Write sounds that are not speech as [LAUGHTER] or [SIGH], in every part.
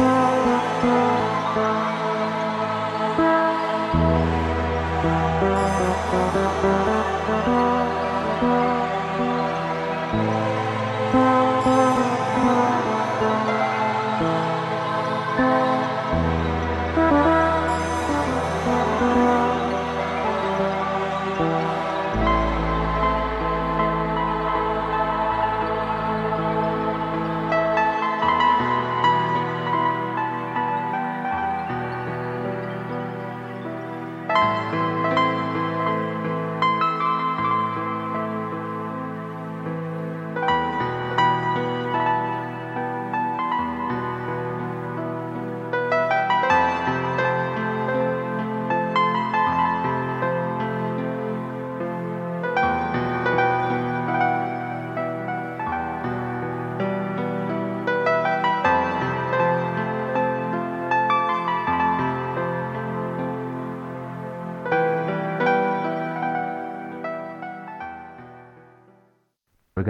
Bye.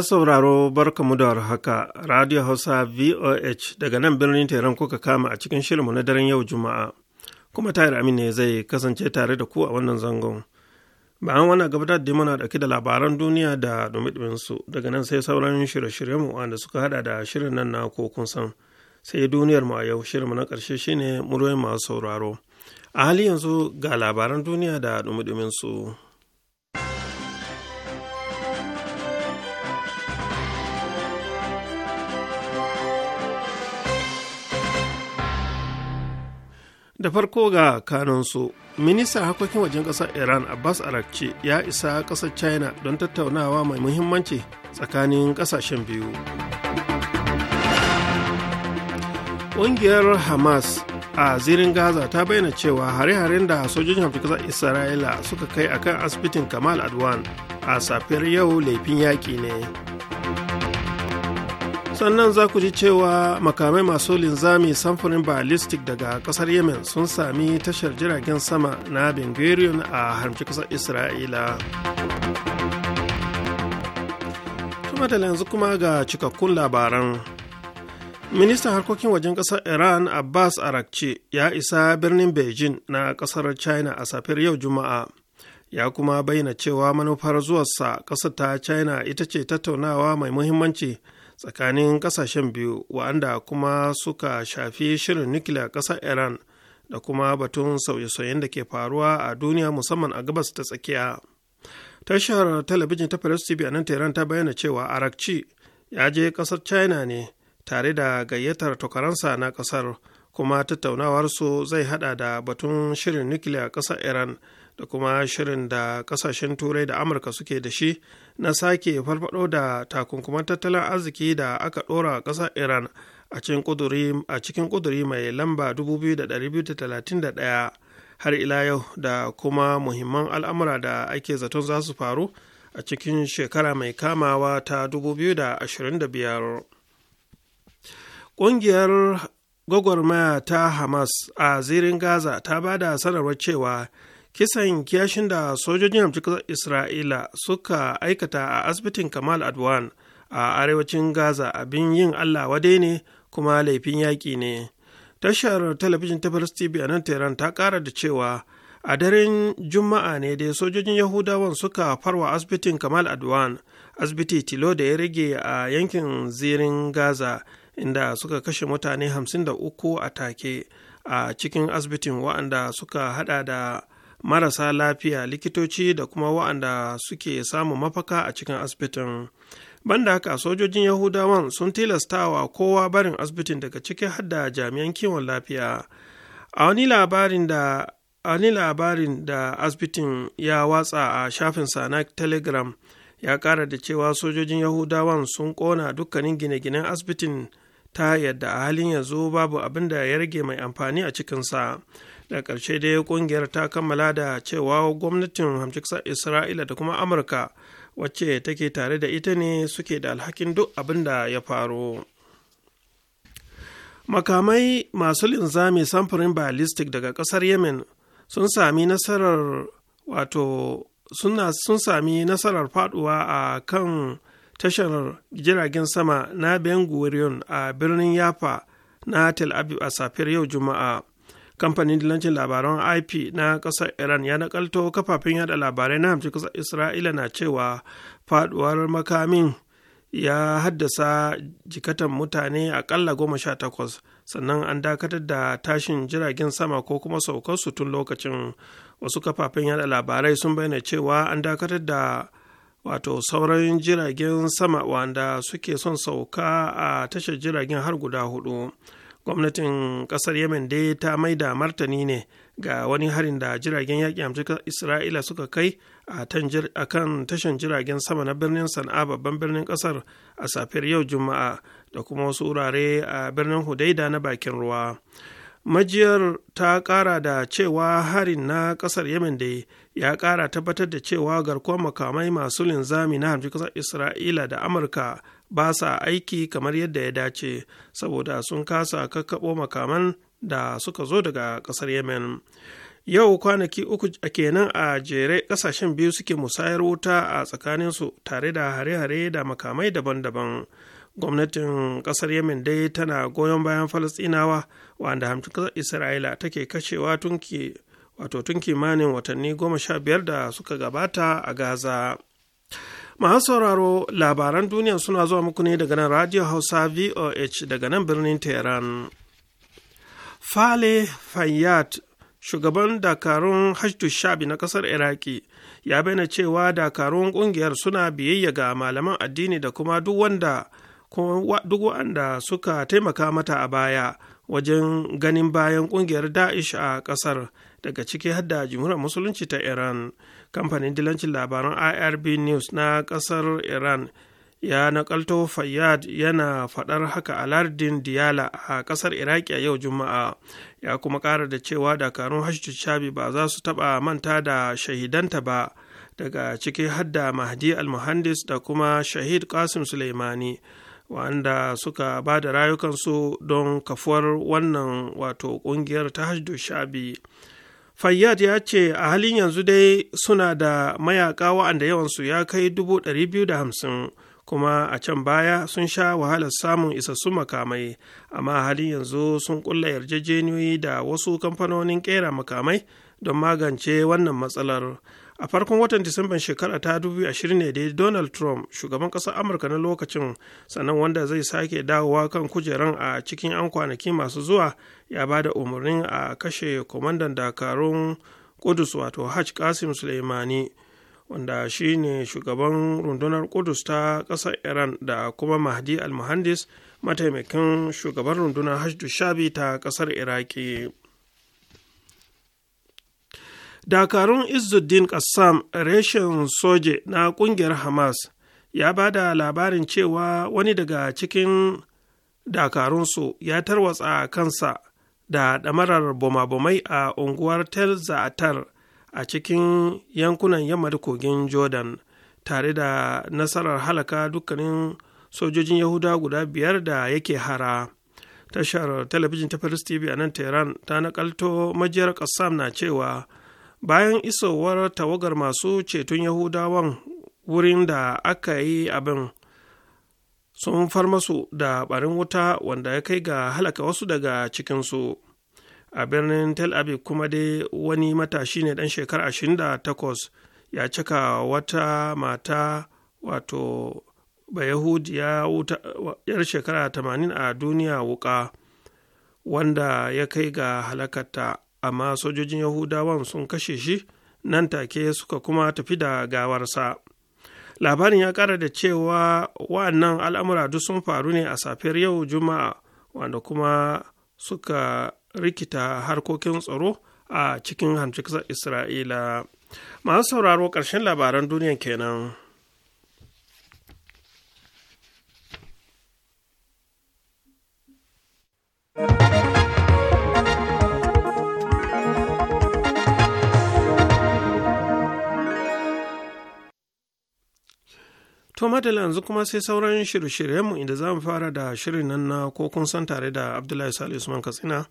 Masu sauraro barkamu da haka Radio Hausa VOH daga nan birnin Teran kuka kama a cikin shirinmu na daren yau Juma'a, kuma Tahir Amin ne zai kasance tare da ku a wannan zangon. Bayan wannan gabatar da muna ɗauki da labaran duniya da su daga nan sai sauran shirye-shiryenmu wanda suka hada da shirin nan na ko kun san sai duniyar mu a yau shirinmu na ƙarshe shine muryoyin masu sauraro. A hali yanzu ga labaran duniya da dumi su. da farko ga kanansu ministan harkokin wajen ƙasar iran abbas arakci ya isa ƙasar china don tattaunawa mai muhimmanci tsakanin ƙasashen biyu ƙungiyar hamas a zirin gaza ta bayyana cewa hare-haren da sojojin hamfikasar isra'ila suka kai akan asibitin kamal adwan a safiyar yau laifin yaƙi ne sannan za ku ji cewa makamai masu linzami samfurin ballistic daga kasar yemen sun sami tashar jiragen sama na bengarian a harmci kasar isra'ila kuma da yanzu kuma ga cikakkun labaran ministan harkokin wajen kasar iran abbas arakci ya isa birnin beijing na kasar china a safiyar yau juma'a ya kuma bayyana cewa manufar zuwarsa kasar ta china ita ce tattaunawa mai muhimmanci tsakanin kasashen biyu wa'anda kuma suka shafi shirin nukiliya ƙasar iran da kuma batun sauye-sauyen da ke faruwa a duniya musamman a gabas ta tsakiya tashar talabijin ta press tv a nan tehran ta bayyana cewa arakci ya je ƙasar china ne tare da gayyatar tokaransa na ƙasar kuma tattaunawar su zai hada da batun shirin nukiliya ƙasar iran da kuma shirin da ƙasashen turai da amurka suke da shi na sake farfado da takunkuman tattalin arziki da aka ɗora ƙasar iran a cikin ƙuduri mai lamba 2231 har ila yau da kuma muhimman al'amura da ake zaton za su faru a cikin shekara mai kamawa ta 2025 ƙungiyar gwagwarmaya ta hamas a zirin gaza ta ba da sanarwar cewa kisan kiyashin da sojojin amfikar isra'ila suka aikata a asibitin kamal adwan a arewacin gaza abin yin allah wade ne kuma laifin yaƙi ne tashar talabijin ta tv a nan tehran ta ƙara da cewa a daren juma'a ne dai sojojin yahudawan suka farwa asibitin kamal adwan asibiti tilo da ya rage a yankin zirin gaza inda suka kashe mutane 53 a take a cikin asibitin waɗanda suka hada da marasa lafiya likitoci da kuma wa'anda suke samun mafaka a cikin asibitin banda haka sojojin yahudawan sun tilastawa kowa barin asibitin daga ciki hadda jami'an kiwon lafiya a wani labarin da a wani labarin da asibitin ya watsa a shafin na telegram ya kara da cewa sojojin yahudawan sun kona dukkanin gine-ginen asibitin ta yadda a halin yanzu babu abin da ya rage mai amfani a cikinsa da ƙarshe dai ƙungiyar ta kammala da cewa gwamnatin hamshiksar isra'ila da kuma amurka wacce take tare da ita ne suke da alhakin duk abin da ya faru makamai masu linzami samfurin ballistic daga ƙasar yemen sun sami nasarar wato sun sami nasarar faduwa a kan tashar jiragen sama na ben gurion a birnin yafa na tel aviv a safiyar yau juma'a kamfanin dilancin labaran ip na kasar iran ya nakalto kafafen yada labarai na hamci kasar isra'ila na cewa faduwar makamin ya haddasa jikatan mutane akalla goma sha takwas sannan an dakatar da tashin jiragen sama ko kuma saukarsu tun lokacin wasu kafafen yada labarai sun bayyana cewa an dakatar da wato sauran jiragen sama wanda suke son sauka a tashar jiragen har guda hudu. gwamnatin kasar yemen dai ta maida martani ne ga wani harin da jiragen yaƙi amurka isra'ila suka kai a kan tashan jiragen sama na birnin sana'a babban birnin kasar a safiyar yau juma'a da kuma wasu wurare a birnin hudaida na bakin ruwa majiyar ta kara da cewa harin na kasar yemen da ya kara tabbatar da cewa garkuwar makamai masu linzami na hamshi kasar isra'ila da amurka ba sa aiki kamar yadda ya dace saboda sun kasa kakkaɓo makaman da suka zo daga ƙasar yemen yau kwanaki uku a kenan a jere ƙasashen biyu suke musayar wuta a tsakaninsu tare da hare-hare da makamai daban-daban gwamnatin ƙasar yemen dai tana goyon bayan falastinawa wanda hamcin ƙasar isra'ila take kashewa tunki wato tun kimanin watanni goma sha biyar da suka gabata a gaza Masu sauraro labaran duniya suna zuwa muku ne daga nan Radio Hausa VOH daga nan birnin Tehran. Fale Fayyad, shugaban dakarun Hajju Shabi na ƙasar Iraki, ya bayyana cewa dakarun ƙungiyar suna biyayya ga malaman addini da kuma duk wanda wanda suka taimaka mata a baya wajen ganin bayan ƙungiyar Da'ish a ƙasar daga ciki hadda jimhuriyar musulunci ta Iran. kamfanin dilancin labaran irb news na ƙasar iran ya nakalto fayyad yana faɗar haka a lardin diyala a ƙasar iraki a yau juma'a ya kuma ƙara da cewa dakarun hashtu shabi ba za su taɓa manta da shahidanta ba daga ciki hadda mahdi almuhandis da kuma shahid kasim suleimani wanda suka ba da rayukansu don kafuwar wannan wato ƙungiyar ta hashdu shabi fayyad ya ce a halin yanzu dai suna da mayaka wa'anda yawansu ya kai dubu ɗari biyu da hamsin kuma a can baya sun sha wahalar samun isassun makamai amma a halin yanzu sun kulla yarjejeniyoyi da wasu kamfanonin ƙera makamai don magance wannan matsalar a farkon watan disamban shekara ta 2020 ne dai donald trump shugaban ƙasar amurka na lokacin sannan wanda zai sake dawowa kan kujeran a cikin 'yan kwanaki masu zuwa ya ba da umarnin a kashe kwamandan dakarun kudus wato hajj kasim suleimani wanda shi ne shugaban rundunar kudus ta ƙasar iran da kuma mahdi al-muhandis mataimakin shugaban rundunar hajj shabi ta ƙasar iraki dakarun izzuddin kassam reshen soje na ƙungiyar hamas ya ba da labarin cewa wani daga cikin dakarunsu ya tarwatsa kansa da ɗamarar bomabomai a unguwar tel za'atar a cikin yankunan yamma da kogin jordan tare da nasarar halaka dukkanin sojojin yahuda guda biyar da yake hara tashar talabijin ta paris tv a nan tehran ta nakalto majiyar kassam na cewa bayan isowar tawagar masu ceton yahudawan wurin da aka yi abin sun far masu da barin wuta wanda ya kai ga halaka wasu daga cikinsu a birnin tel aviv kuma dai wani matashi ne dan shekara 28 ya cika wata mata wato wuta yar shekara 80 a duniya wuka wanda ya kai ga halakata amma sojojin yahudawan sun kashe shi nan take suka kuma tafi da gawarsa labarin ya ƙara da cewa wa'annan al'amura duk sun faru ne a safiyar yau juma'a wanda kuma suka rikita harkokin tsaro a cikin hamshiksar isra'ila masu sauraro ƙarshen labaran duniya kenan. thank you To madalla yanzu kuma sai sauran shirye-shiryenmu inda za mu fara da shirin nan na ko kun san tare da Abdullahi Sale Usman Katsina.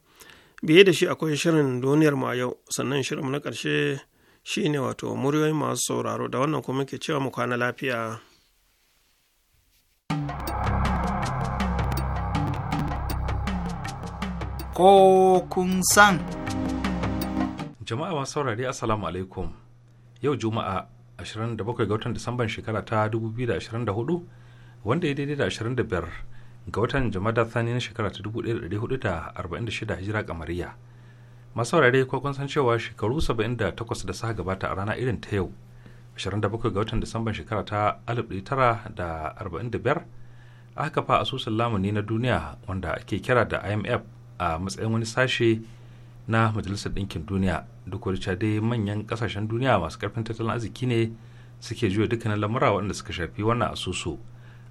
Biye da shi akwai shirin duniyar mu a yau sannan shirin mu na ƙarshe shi ne wato muryoyin masu sauraro da wannan kuma ke cewa mu kwana lafiya. Ko kun san. Jama'a masu saurari Assalamu alaikum. Yau Juma'a 27 ga watan Disamban shekara ta 2024 wanda ya daidai da 25 ga watan jama'a Thani na shekara ta 1446 hijira kamariya. Masu saurare ko kun san cewa shekaru 78 da suka gabata a rana irin ta yau 27 ga watan Disamban shekara ta 1945 aka fa asusun lamuni na duniya wanda ake kira da IMF a matsayin wani sashe na majalisar ɗinkin duniya duk wadda dai manyan ƙasashen duniya masu ƙarfin tattalin arziki ne suke juya dukkanin lamura waɗanda suka shafi wannan asusu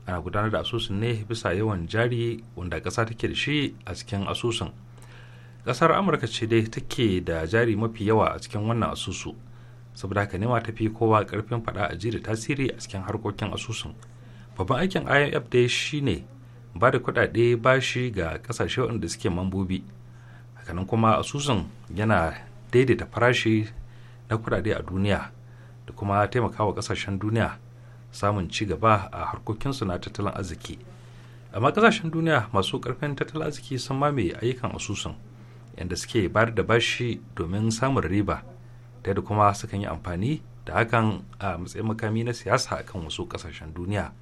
ana gudanar da asusun ne bisa yawan jari wanda ƙasa take da shi a cikin asusun ƙasar amurka ce dai take da jari mafi yawa a cikin wannan asusu saboda haka nema tafi kowa ƙarfin faɗa a da tasiri a cikin harkokin asusun babban aikin imf dai shine ba da kuɗaɗe bashi ga ƙasashe waɗanda suke mambobi hakanan kuma asusun yana daidaita farashi na kudade a duniya da kuma taimakawa kasashen duniya samun ci gaba a harkokinsu na tattalin arziki amma kasashen duniya masu karfin tattalin arziki sun mamaye ayyukan asusun inda suke bayar da bashi domin samun riba ta da kuma sukan yi amfani da hakan a matsayin makami na siyasa akan wasu kasashen duniya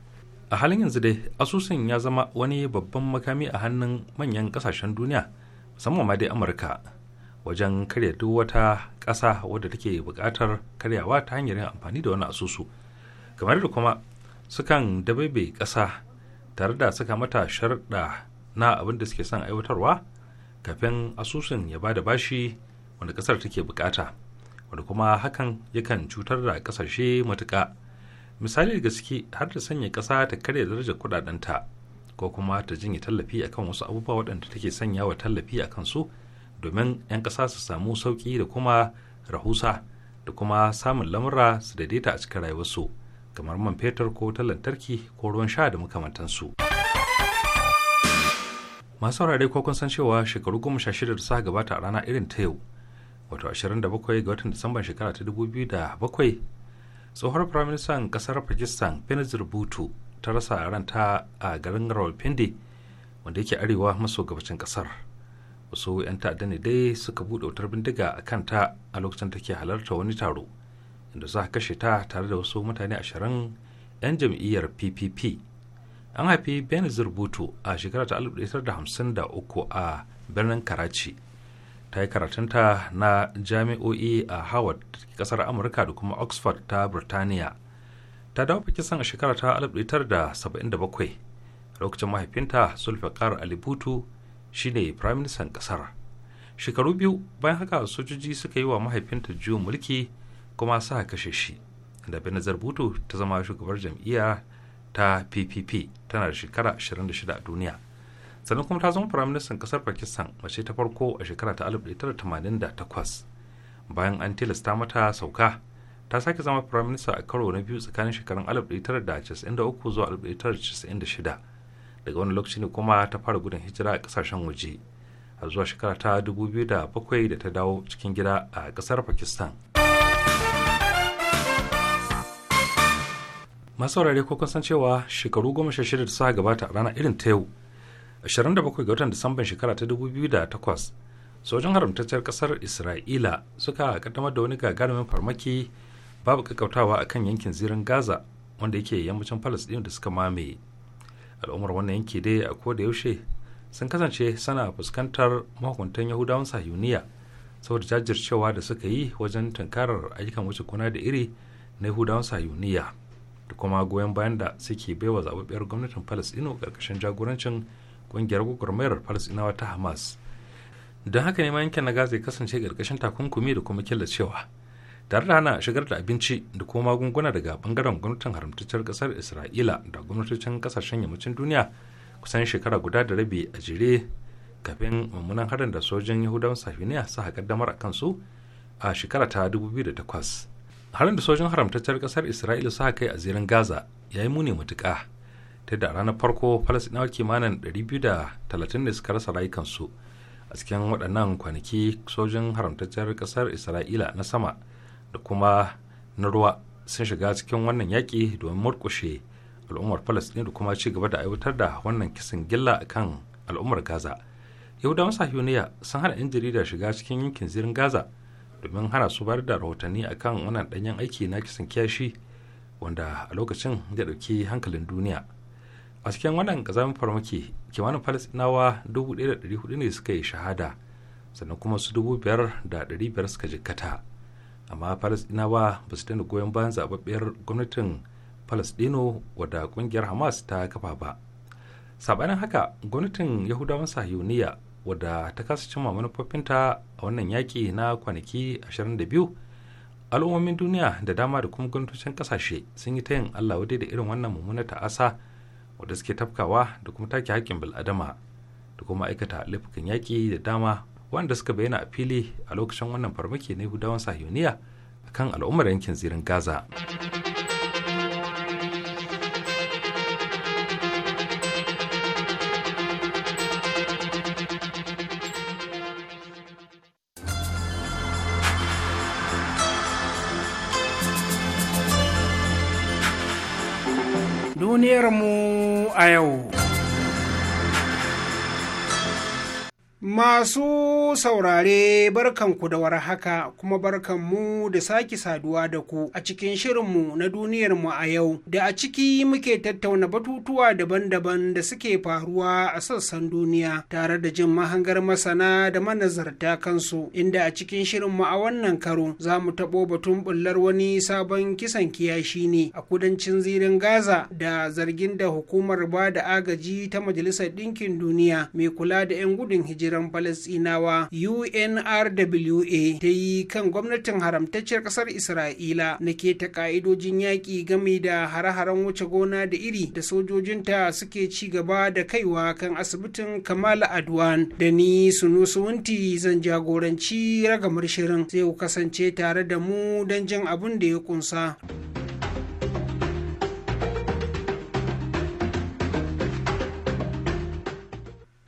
a halin yanzu dai asusun ya zama wani babban makami a hannun manyan kasashen duniya musamman ma dai amurka wajen karya duk wata ƙasa wadda take buƙatar karyawa ta hanyar yin amfani da wani asusu kamar da kuma sukan dabaibe ƙasa tare da suka mata sharɗa na abin da suke son aiwatarwa kafin asusun ya ba da bashi wanda ƙasar take buƙata wanda kuma hakan yakan cutar da ƙasashe matuƙa misali gaske har da sanya ƙasa ta karya darajar kuɗaɗenta ko kuma ta jinya tallafi akan wasu abubuwa waɗanda take sanya wa tallafi akan su domin 'yan ƙasa su samu sauƙi da kuma rahusa da kuma samun lamura su daidaita a cikin rayuwarsu kamar man fetur ko ta lantarki ko ruwan sha da makamantansu. masu saurare ko kun san cewa shekaru goma sha shida da suka gabata a rana irin ta yau wato 27 ga watan disamban shekara ta 2007 tsohuwar firaministan kasar pakistan benazir bhutto ta rasa ranta a garin rawalpindi wanda yake arewa maso gabacin kasar wasu 'yan ta'adda ne dai suka buɗe wutar bindiga a kanta a lokacin take halarta wani taro inda za a kashe ta tare da wasu mutane ashirin 'yan jam'iyyar ppp an haifi benazir butu a shekara ta 1953 a birnin karachi ta yi karatunta na jami'o'i a howard kasar amurka da kuma oxford ta birtaniya ta dawo pakistan a shekara ta 1977 lokacin mahaifinta zulfikar ali butu shine prime minister kasar shekaru biyu bayan haka sojoji suka yi wa mahaifinta juyin mulki kuma sa kashe shi da benazir butu ta zama shugabar jam'iyya ta ppp tana da shekara 26 a duniya sannan kuma ta zama prime Minister kasar pakistan mace ta farko a shekara ta 1988 bayan an tilasta mata sauka ta sake zama prime minister a karo na biyu tsakanin shekarun 1993 zuwa 1996 daga wani lokaci ne kuma ta fara gudun hijira a kasashen waje a zuwa shekara ta 2007 da ta dawo cikin gida a kasar pakistan masu wurare ko kun san cewa shekaru goma sha shida da suka gabata a rana irin ta yau 27 ga watan disamban shekara ta 2008 sojin haramtacciyar kasar isra'ila suka kaddamar da wani gagarumin farmaki babu kakautawa a kan yankin zirin gaza wanda yake yammacin palestine da suka mamaye al'ummar wannan yanki dai a koda yaushe sun kasance sana fuskantar mahukuntan yahudawan sahiyuniya saboda jajircewa da suka yi wajen tunkarar ayyukan wuce kuna da iri na yahudawan sahiyuniya da kuma goyon bayan da suke baiwa zababbiyar gwamnatin palestino karkashin jagorancin kungiyar gwagwarmayar palestinawa ta hamas don haka ne yankin na gaza ya kasance karkashin takunkumi da kuma killacewa tare da hana shigar da abinci da kuma magunguna daga bangaren gwamnatin haramtaccen kasar isra'ila da gwamnatocin kasashen yammacin duniya kusan shekara guda da rabi a jere kafin mummunan harin da sojin yahudawan safiniya suka damar a kansu a shekara ta 2008 harin da sojan haramtacciyar kasar isra'ila su kai a zirin gaza ya yi muni matuƙa ta da ranar farko falasɗinawa kimanin 230 da suka rasa rayukansu a cikin waɗannan kwanaki sojin haramtacciyar kasar isra'ila na sama da kuma na ruwa sun shiga cikin wannan yaƙi domin murƙushe al'ummar palestine da kuma ci gaba da aiwatar da wannan kisan gilla kan al'ummar gaza yahudawan sahiyoniya sun hana yan jarida shiga cikin yankin zirin gaza domin hana su bayar da rahotanni akan wannan ɗanyen aiki na kisan kiyashi wanda a lokacin zai ɗauki hankalin duniya a cikin wannan ƙazamin farmaki kimanin falasɗinawa 1,400 ne suka yi shahada sannan kuma su 5,500 suka jikkata amma falasdinawa ba su daina goyon bayan zababbiyar gwamnatin falasdino wadda kungiyar hamas ta kafa ba sabanin haka gwamnatin yahudawan sahuniya wadda ta kasa cimma manufofinta a wannan yaƙi na kwanaki 22 al'ummomin duniya da dama da kuma gwamnatocin kasashe sun yi ta yin allah wadai da irin wannan mummunar ta'asa wadda suke tafkawa da kuma take haƙƙin bil'adama da kuma aikata laifukan yaƙi da dama wanda suka bayyana a fili a lokacin wannan farmaki na yahudawan sahiyoniya a kan al'ummar yankin zirin gaza duniyarmu a yau Masu saurare barkanku da warhaka kuma barkanmu da sake saduwa da ku a cikin shirinmu na duniyarmu a yau da a ciki muke tattauna batutuwa daban-daban da suke faruwa a sassan duniya tare da jin mahangar masana da manazarta kansu inda a cikin shirinmu a wannan karo za mu taɓo batun bullar wani sabon kisan kiyashi ne a kudancin zirin Gaza da zargin da hukumar ba da agaji ta Majalisar Ɗinkin Duniya mai kula da 'yan gudun hijira gidajen falasinawa unrwa ta yi kan gwamnatin haramtacciyar ƙasar isra'ila na ke ta ka'idojin yaƙi game da hare-haren wuce gona da iri da sojojinta suke ci gaba da kaiwa kan asibitin kamal adwan da ni Suwanti zan jagoranci ragamar shirin sai ku kasance tare da mu don jin abin da ya kunsa.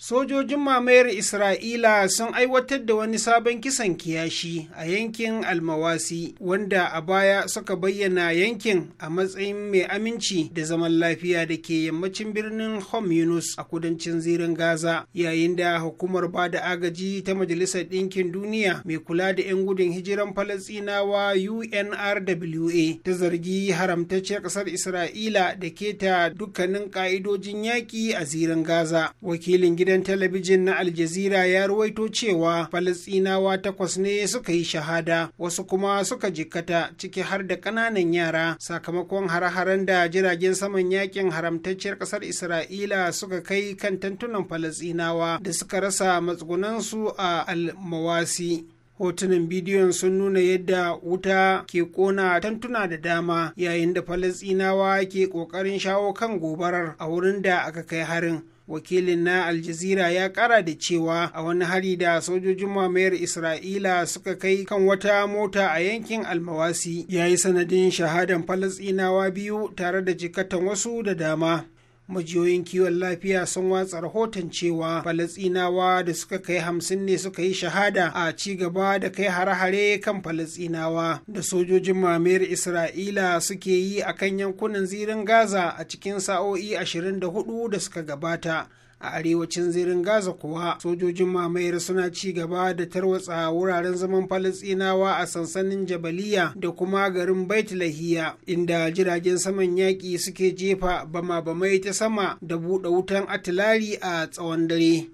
sojojin mamayar isra'ila sun aiwatar da wani sabon kisan kiyashi a yankin almawasi wanda a baya suka bayyana yankin a matsayin mai aminci da zaman lafiya da ke yammacin birnin hom yunus a kudancin zirin gaza yayin da hukumar ba da agaji ta majalisar ɗinkin duniya mai kula da 'yan gudun hijiran falastinawa unrwa ta zargi haramtacce ƙasar isra'ila da keta dukkanin ƙa'idojin yaƙi a zirin gaza wakilin gidan gidan talabijin na aljazira ya ruwaito cewa falasinawa takwas ne suka yi shahada wasu kuma suka jikkata ciki har da ƙananan yara sakamakon har-haren da jiragen saman yakin haramtacciyar ƙasar isra'ila suka kai kan tantunan falasinawa da suka rasa matsugunansu a almawasi hotunan bidiyon sun nuna yadda wuta ke kona tantuna da dama yayin da falasinawa ke ƙoƙarin shawo kan gobarar a wurin da aka kai harin wakilin na aljazira ya kara da cewa a wani hari da sojojin mamayar isra'ila suka kai kan wata mota a yankin almawasi ya yi sanadin shahadan falasinawa biyu tare da jikatan wasu da dama majiyoyin kiwon lafiya sun watsa rahoton cewa falasinawa da suka kai hamsin ne suka yi shahada a ci gaba da kai hare-hare kan falasinawa da sojojin mamayar isra'ila suke yi a kan yankunan zirin gaza a cikin sa'o'i 24 da suka gabata a arewacin zirin gaza kuwa sojojin mamayar suna ci gaba da tarwatsa wuraren zaman falasinawa a sansanin jabaliya da kuma garin bait lahiya inda jiragen saman yaƙi suke jefa bama-bamai ta sama da buɗe wutan atilari a tsawon dare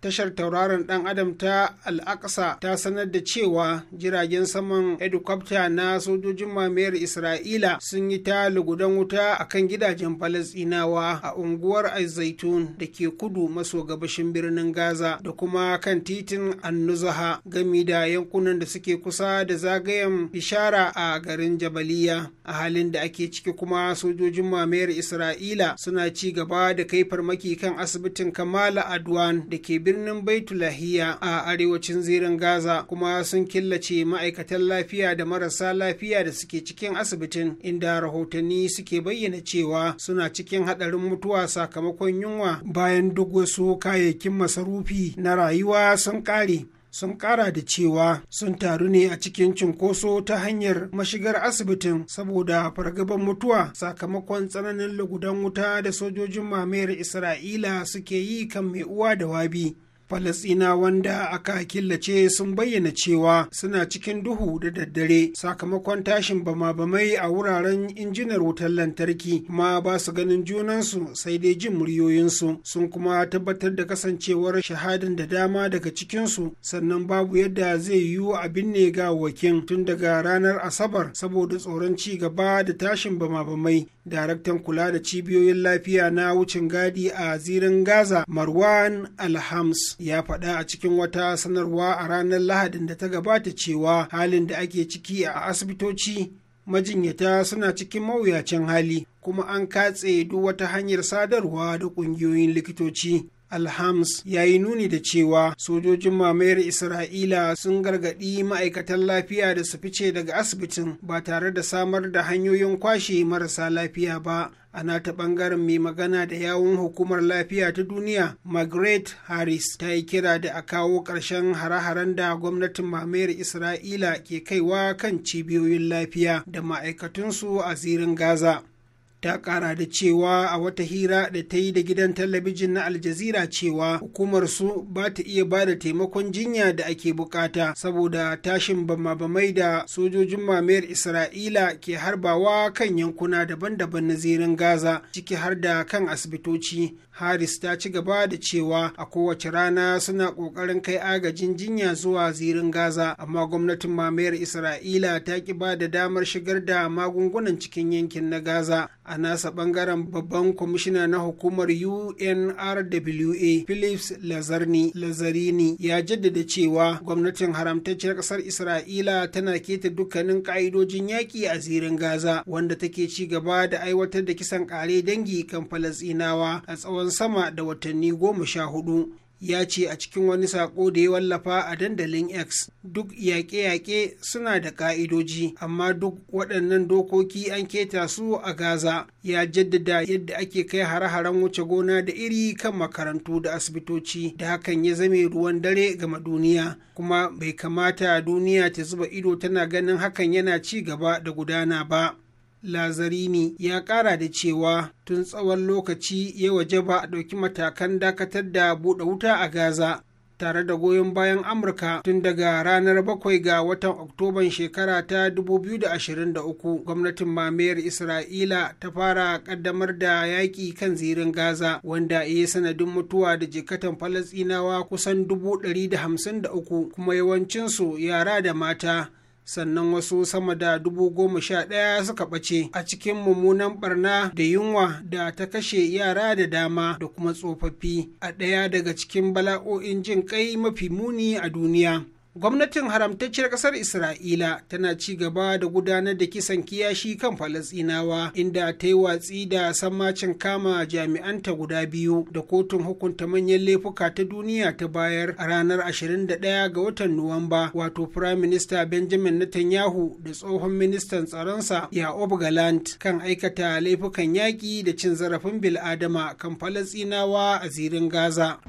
tashar tauraron dan adam ta al'aqsa ta sanar da cewa jiragen saman helicopter na sojojin mamayar isra'ila sun yi ta lugudan wuta a kan gidajen falasinawa a unguwar aizaitun da ke kudu maso gabashin birnin gaza da kuma kan titin annuzaha gami da yankunan da suke kusa da zagayen bishara a garin jabaliya a halin da ake ciki kuma sojojin mamayar isra'ila suna ci gaba da kai farmaki kan asibitin kamala adwan da ke birnin Baitulahiya a arewacin zirin Gaza kuma sun killace ma'aikatan lafiya da marasa lafiya da suke cikin asibitin inda rahotanni suke bayyana cewa suna cikin haɗarin mutuwa sakamakon yunwa bayan duk wasu kayayyakin masarufi na rayuwa sun ƙare. sun kara da cewa sun taru ne a cikin cunkoso ta hanyar mashigar asibitin saboda fargaban mutuwa sakamakon tsananin lugudan wuta da sojojin mamayar isra'ila suke yi kan mai uwa da wabi Falasina wanda aka killace sun bayyana cewa suna cikin duhu da daddare sakamakon tashin bama-bamai a wuraren injinar wutar lantarki kuma ba su ganin junansu sai dai jin muryoyinsu sun kuma tabbatar da kasancewar shahadin da dama daga cikinsu sannan babu yadda zai yiwu a binne wakin tun daga ranar asabar saboda tsoron ci gaba da tashin bama-bamai daraktan kula da cibiyoyin lafiya na wucin gadi a zirin gaza marwan alhams ya faɗa a cikin wata sanarwa a ranar lahadin da ta gabata cewa halin da ake ciki a asibitoci majinyata suna cikin mawuyacin hali kuma an katse duk wata hanyar sadarwa da ƙungiyoyin likitoci alhams ya yi nuni da cewa sojojin mamayar isra'ila sun gargaɗi ma'aikatan lafiya da su fice daga asibitin ba tare da samar da hanyoyin kwashe marasa lafiya ba ana ta ɓangaren mai magana da yawun hukumar lafiya ta duniya margaret harris ta yi kira da a kawo ƙarshen hare-haren da gwamnatin mamayar isra'ila ke kaiwa kan cibiyoyin lafiya da ma'aikatunsu a zirin gaza ta kara da cewa a wata hira da ta yi da gidan talabijin na aljazira cewa hukumar su ba ta iya ba da taimakon jinya da ake bukata saboda tashin bama-bamai da sojojin mamayar isra'ila ke harbawa kan yankuna daban-daban na zirin gaza ciki har da kan asibitoci harris ta ci gaba da cewa a kowace rana suna kokarin kai agajin jinya zuwa zirin gaza amma gwamnatin mamayar isra'ila ta ki ba da damar shigar da magungunan cikin yankin na gaza a nasa bangaren babban kwamishina na hukumar unrwa philips lazarni lazarini ya jaddada cewa gwamnatin haramtacciyar ƙasar isra'ila tana keta dukkanin ka'idojin yaƙi a zirin gaza wanda take ci gaba da aiwatar da kisan ƙare dangi kan falasinawa a tsawon sama da watanni goma sha hudu ya ce a cikin wani sako da ya wallafa a dandalin x duk yaƙe-yaƙe suna da ƙa'idoji amma duk waɗannan dokoki an keta su a gaza ya jaddada yadda ake kai hare-haren wuce gona da iri kan makarantu da asibitoci da hakan ya zame ruwan dare gama duniya kuma bai kamata duniya ta zuba ido tana ganin hakan yana ci gaba da gudana ba Lazarini ya ƙara da cewa tun tsawon lokaci ya waje ba a ɗauki matakan dakatar da buɗe wuta a Gaza tare da goyon bayan Amurka tun daga ranar bakwai ga watan Oktoban shekara ta 2023 gwamnatin mamayar Isra'ila ta fara kaddamar da yaƙi kan zirin Gaza wanda ya sanadin mutuwa da jikatan Falasɗinawa kusan 153 kuma yawancinsu yara da mata. sannan wasu sama da dubu goma sha ɗaya suka ɓace a cikin mummunan barna da yunwa da ta kashe yara da dama da kuma tsofaffi a ɗaya daga cikin bala'o'in jin kai mafi muni a duniya gwamnatin haramtacciyar ƙasar isra'ila tana ci gaba da gudanar da kisan kiyashi kan falasinawa inda ta yi watsi da sammacin kama jami'anta guda biyu da kotun hukunta manyan laifuka ta duniya ta bayar a ranar 21 ga watan nuwamba wato prime minister benjamin netanyahu da tsohon ministan tsaronsa yaob galant kan aikata laifukan yaƙi da cin zarafin bil'adama kan falasinawa a zirin gaza.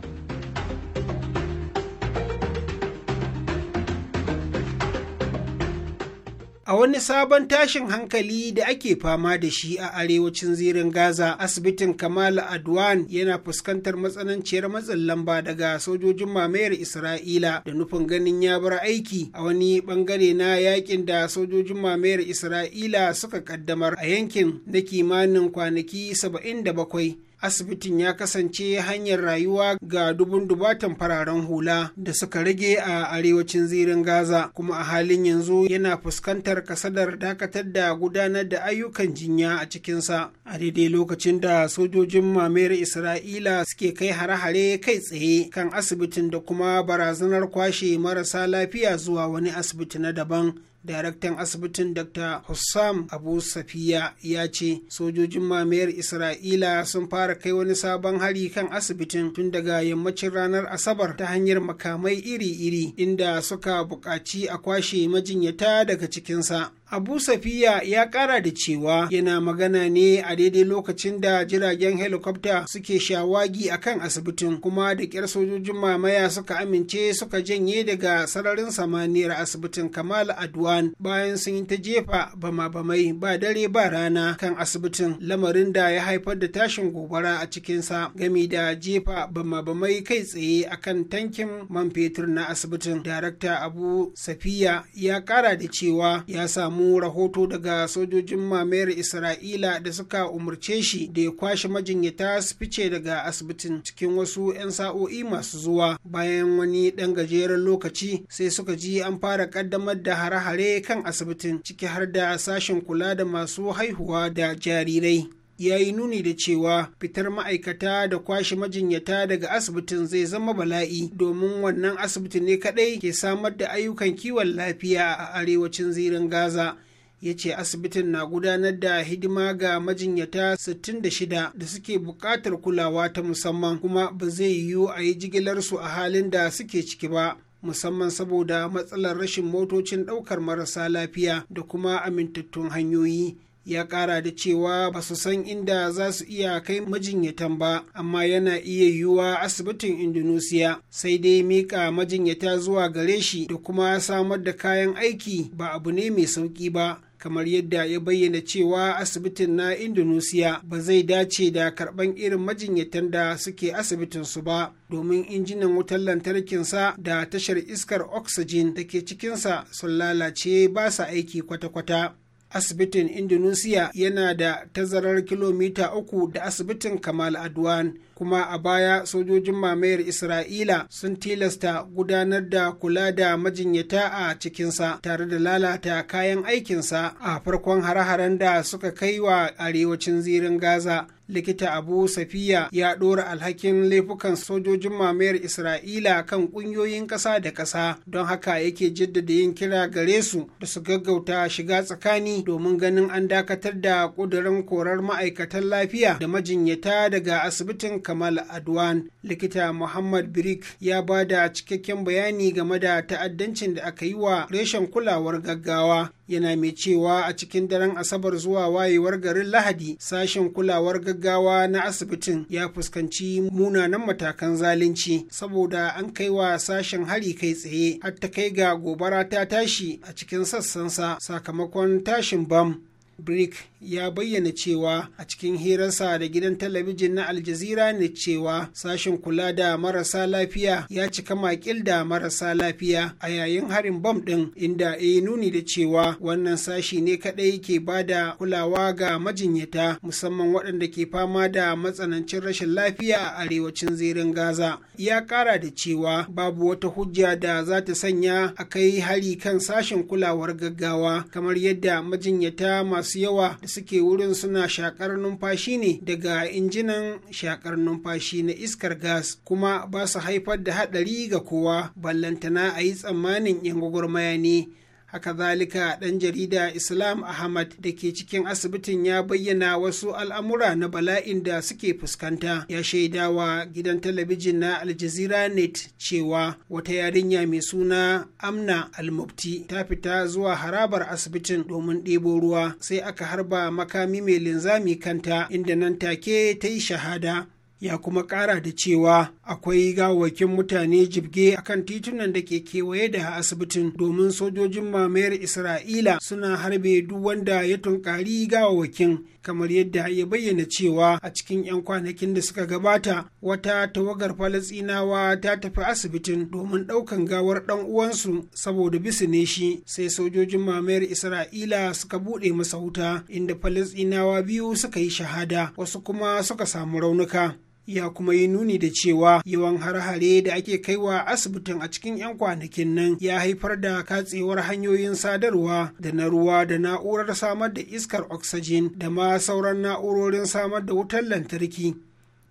a wani sabon tashin hankali da ake fama da shi a arewacin zirin gaza asibitin kamal adwan yana fuskantar matsananciyar matsin lamba daga sojojin mamayar isra'ila da nufin ganin ya bar aiki a wani bangare na yakin da sojojin mamayar isra'ila suka kaddamar a yankin na kimanin kwanaki 77 asibitin ya kasance hanyar rayuwa ga dubun dubatan fararen hula da suka rage a arewacin zirin gaza kuma a halin yanzu yana fuskantar kasadar dakatar da gudanar da ayyukan jinya a cikinsa a daidai lokacin da sojojin mamayar isra'ila suke kai hare-hare kai tsaye kan asibitin da kuma barazanar kwashe marasa lafiya zuwa wani asibiti na daban daraktan asibitin dr hussam abu safiya ya ce sojojin mamayar isra'ila sun fara kai wani sabon hari kan asibitin tun daga yammacin ranar asabar ta hanyar makamai iri-iri inda suka buƙaci a kwashe majinyata daga cikinsa abu safiya ya kara da cewa yana magana ne a daidai lokacin da jiragen helikwafta suke shawagi a kan asibitin kuma da ƙyar sojojin mamaya suka amince suka janye daga sararin samaniyar asibitin kamal adwan bayan sun yi ta jefa bama-bamai ba dare ba rana kan asibitin lamarin da ya haifar da tashin gobara a cikinsa gami da jefa bama-bamai kai tsaye a kan tankin man fetur na asibitin darakta abu safiya ya kara da cewa ya samu samu rahoto daga sojojin mamayar isra'ila da suka umarce shi da ya kwashe majinyata su fice daga asibitin cikin wasu 'yan sa'o'i masu zuwa bayan wani ɗan gajeren lokaci sai suka ji an fara ƙaddamar da hare-hare kan asibitin ciki har da sashen kula da masu haihuwa da jarirai ya yi nuni da cewa fitar ma'aikata da kwashe majinyata daga asibitin zai zama bala'i domin wannan asibiti ne kadai ke samar da ayyukan kiwon lafiya a arewacin zirin gaza ya ce asibitin na gudanar da hidima ga majinyata 66 da suke buƙatar kulawa ta musamman kuma ba zai yiwu a yi jigilarsu a halin da suke ciki ba musamman saboda matsalar rashin motocin ɗaukar marasa lafiya da kuma amintattun hanyoyi ya kara da cewa ba su san inda za su iya kai majinyatan ba amma yana iya yiwuwa asibitin indonesia sai dai mika majinyata zuwa gare shi da kuma samar da kayan aiki ba abu ne mai sauki ba kamar yadda ya bayyana cewa asibitin na indonesia ba zai dace da karban irin majinyatan da suke asibitin su ba domin injinan wutar lantarkinsa da tashar iskar oxygen da ke cikinsa sun lalace ba sa aiki kwata-kwata asibitin indonesia yana da tazarar kilomita uku da asibitin kamal adwan kuma a baya sojojin mamayar isra'ila sun tilasta gudanar da kula da majinyata a cikinsa tare da lalata kayan aikinsa a farkon hare-haren da suka kai wa arewacin zirin gaza likita abu safiya ya ɗora alhakin laifukan sojojin mamayar isra'ila kan ƙungiyoyin ƙasa da ƙasa don haka yake jaddada yin kira gare su da su gaggauta shiga tsakani domin ganin an dakatar da ƙudurin korar ma'aikatan lafiya da majinyata daga asibitin kamal adwan likita muhammad birik ya ba da cikakken bayani game da ta'addancin da aka yi wa reshen kulawar gaggawa yana mai cewa a cikin daren asabar zuwa wayewar garin lahadi sashen kulawar gaggawa na asibitin ya fuskanci munanan matakan zalunci saboda an kai wa sashen hari kai tsaye har ta kai ga gobara ta tashi a cikin sassansa sakamakon tashin bam brick ya bayyana cewa a cikin hirarsa da gidan talabijin na aljazira ne cewa sashen kula da marasa lafiya ya cika makil da marasa lafiya a yayin harin bom ɗin inda ya nuni da cewa wannan sashi ne kaɗai ke ba da kulawa ga majinyata musamman waɗanda ke fama da matsanancin rashin lafiya a arewacin zirin gaza ya ƙara da cewa babu wata hujja da za ta sanya a kai hari kan sashen kulawar gaggawa kamar yadda majinyata masu yawa da suke wurin suna shakar numfashi ne daga injinan shakar numfashi na iskar gas kuma ba su haifar da haɗari ga kowa ballantana a yi tsammanin 'yan gwagwarmaya ne haka zalika ɗan jarida islam ahmad da ke cikin asibitin ya bayyana wasu al'amura na bala'in da suke fuskanta ya shaidawa gidan talabijin na aljazira net cewa wata yarinya mai suna amna almubti ta fita zuwa harabar asibitin domin ɗebo ruwa sai aka harba makami mai linzami kanta inda nan take ta yi shahada ya kuma kara da cewa akwai gawakin mutane jibge a kan titunan da ke kewaye da asibitin domin sojojin mamayar isra'ila suna harbe duk wanda ya tunkari gawakin kamar yadda ya bayyana cewa a cikin 'yan kwanakin da suka gabata wata tawagar falasinawa ta tafi asibitin domin ɗaukan gawar ɗan uwansu saboda bisu ne shi sai sojojin mamayar isra'ila suka buɗe masa wuta inda falasinawa biyu suka yi shahada wasu kuma suka samu raunuka ya kuma yi nuni da cewa yawan har-hare da ake kaiwa asibitin a cikin 'yan kwanakin nan ya haifar da katsewar hanyoyin sadarwa da na ruwa da na'urar samar da iskar oxygen da ma sauran na'urorin samar da wutar lantarki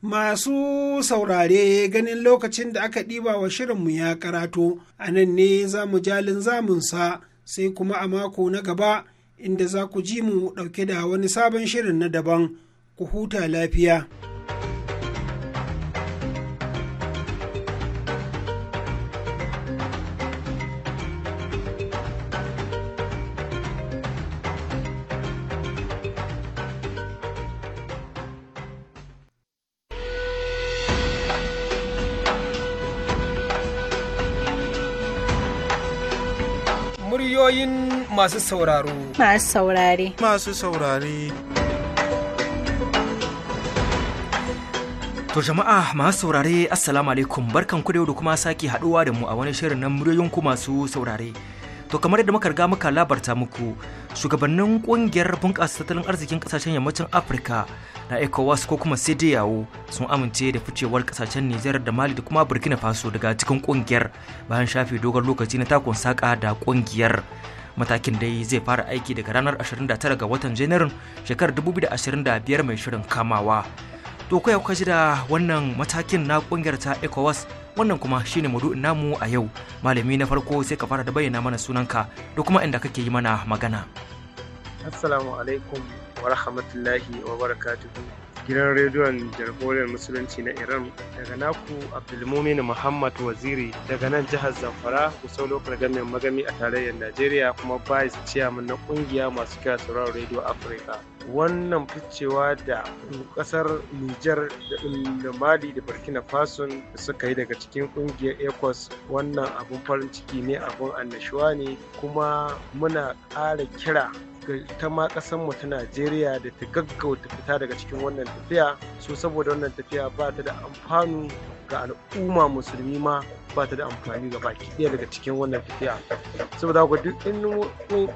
masu saurare ganin lokacin da aka ɗiba wa shirinmu ya karato a nan ne za mu jalin zamunsa sai kuma a mako na gaba inda za ku ji mu ɗauke da wani sabon shirin na daban ku huta lafiya. masu sauraro. Masu saurare. Masu saurare. To jama'a masu saurare assalamu alaikum barkan ku da kuma sake haduwa da mu a wani shirin nan muryoyin ku masu saurare. To kamar yadda muka riga muka labarta muku shugabannin kungiyar bunƙasa tattalin arzikin kasashen yammacin Afirka na ECOWAS ko kuma yawo sun amince da ficewar kasashen Nijar da Mali da kuma Burkina Faso daga cikin kungiyar bayan shafe dogon lokaci na takon saka da kungiyar. matakin dai zai fara aiki daga ranar 29 ga watan janairun shekarar 2025 mai shirin kamawa to kai kuka ji da wannan matakin na kungiyar ta ecowas wannan kuma shine maudu'in namu a yau malami na farko sai ka fara da bayyana mana sunanka da kuma inda kake yi mana magana assalamu alaikum wa rahmatullahi gidan rediyon jamhuriyar musulunci na iran daga naku abdulmumin muhammad waziri daga nan jihar zamfara sau lokacin gamin magami a tarayyar najeriya kuma vice chairman na kungiya masu kira sauraron rediyo afirka wannan ficewa da kasar niger da mali da burkina faso suka yi daga cikin kungiyar ecos wannan abun farin ciki ne abun annashuwa ne kuma muna ƙara kira ta ma mu ta najeriya da ta gaggauta fita daga cikin wannan tafiya su saboda wannan tafiya ba ta da amfanu ga al'umma musulmi ma ba ta da amfani ga baki ɗaya daga cikin wannan tafiya saboda ku duk in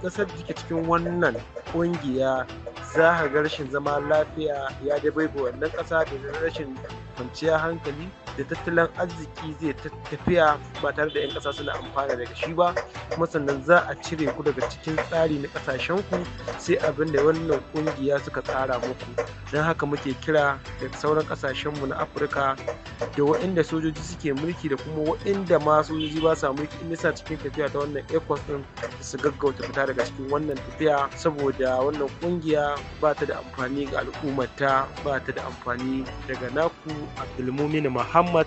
ƙasar da ke cikin wannan ƙungiya za ka ga rashin zama lafiya ya dabaiba wannan ƙasa da rashin kwanciya hankali da tattalin arziki zai tafiya ba tare da 'yan ƙasa suna amfana daga shi ba kuma sannan za a cire ku daga cikin tsari na ƙasashen ku, sai abin da wannan ƙungiya suka tsara muku don haka muke kira da sauran mu na afirka da inda sojoji suke mulki da kuma waɗanda ma sojoji ba sa mulki in yasa cikin tafiya ta wannan ecos din su gaggauta fita daga cikin wannan tafiya saboda wannan kungiya ba ta da amfani ga al'ummata ba ta da amfani daga naku abdulmumin muhammad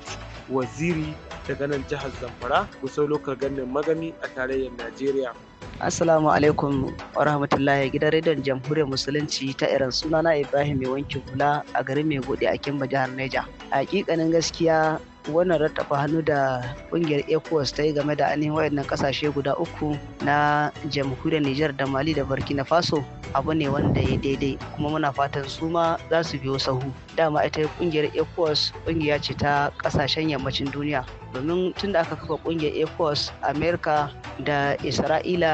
waziri daga nan jihar zamfara kusa lokal ganin magami a tarayyar najeriya Assalamu alaikum wa rahmatullahi gidan rediyon jamhuriyar musulunci ta Iran na Ibrahim mai wankin kula a garin mai gode a Kimba jihar Neja. Hakikanin gaskiya wannan rattafa hannu da kungiyar ecowas ta yi game da ainihin wayannan kasashe guda uku na jamhuriyar Nijar da mali da burkina faso abu ne wanda ya daidai kuma muna fatan su ma za su biyo sahu dama ita kungiyar ecowas kungiya ce ta kasashen yammacin duniya domin tun da aka kafa kungiyar ecowas america da isra'ila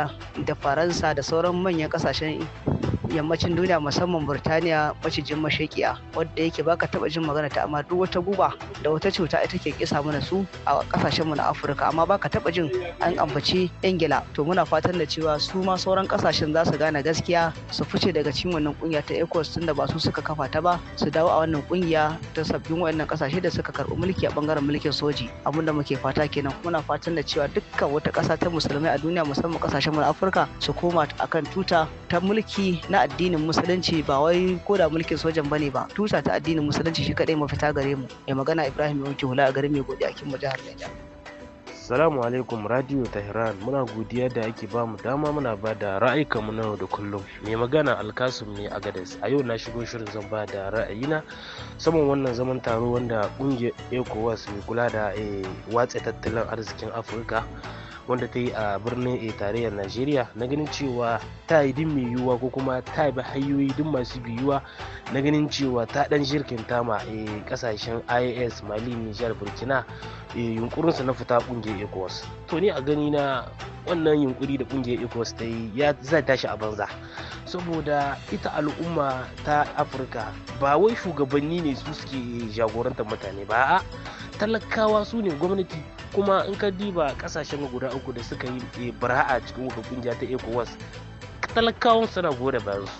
da faransa da sauran manyan kasashen yammacin duniya musamman Burtaniya macijin mashaƙiya wadda yake baka taba jin magana ta amma duk wata guba da wata cuta ita ke kisa mana su a kasashen mu na Afirka amma baka taba jin an ambaci Ingila to muna fatan da cewa su ma sauran kasashen za su gane gaskiya su fice daga cikin wannan kungiya ta ecos tunda ba su suka kafa ta ba su dawo a wannan kungiya ta sabbin wayannan kasashe da suka karbi mulki a bangaren mulkin soji abinda muke fata kenan muna fatan da cewa dukkan wata ƙasa ta musulmai a duniya musamman kasashen mu na Afirka su koma akan tuta ta mulki na addinin musulunci ba wai ko da mulkin sojan bane ba tusa ta addinin musulunci shi kadai mafita gare mu mai magana Ibrahim wuce Hula a garin Mai Godiya kin jihar Niger Salamu alaikum Radio Tehran muna godiya da ake ba mu dama muna ba da ra'ayika mu na da kullum. Mai magana Alkasum ne a Gadas. A yau na shigo shirin zan ba da ra'ayina saman wannan zaman taro wanda kungiyar ECOWAS mai kula da eh, watsa tattalin arzikin Afirka wanda ta yi a birnin eh, tarayyar najeriya na ganin cewa ta yi din mai yiwuwa ko kuma ta bi hanyoyi duk masu biyuwa na ganin cewa ta dan tama ma kasashen eh, is mali nijar burkina eh, yunkurinsa na fita kungiyar ecowas to ni a gani na wannan yunkuri da kungiyar ecowas ta yi ya zai tashi a banza saboda ita al'umma ta afirka ba wai shugabanni ne su suke jagorantar mutane ba a talakawa su ne gwamnati kuma in ka diba kasashen guda uku da suka yi eh, bara'a cikin wuka kungiya ta ecowas talakawan suna goda bayan su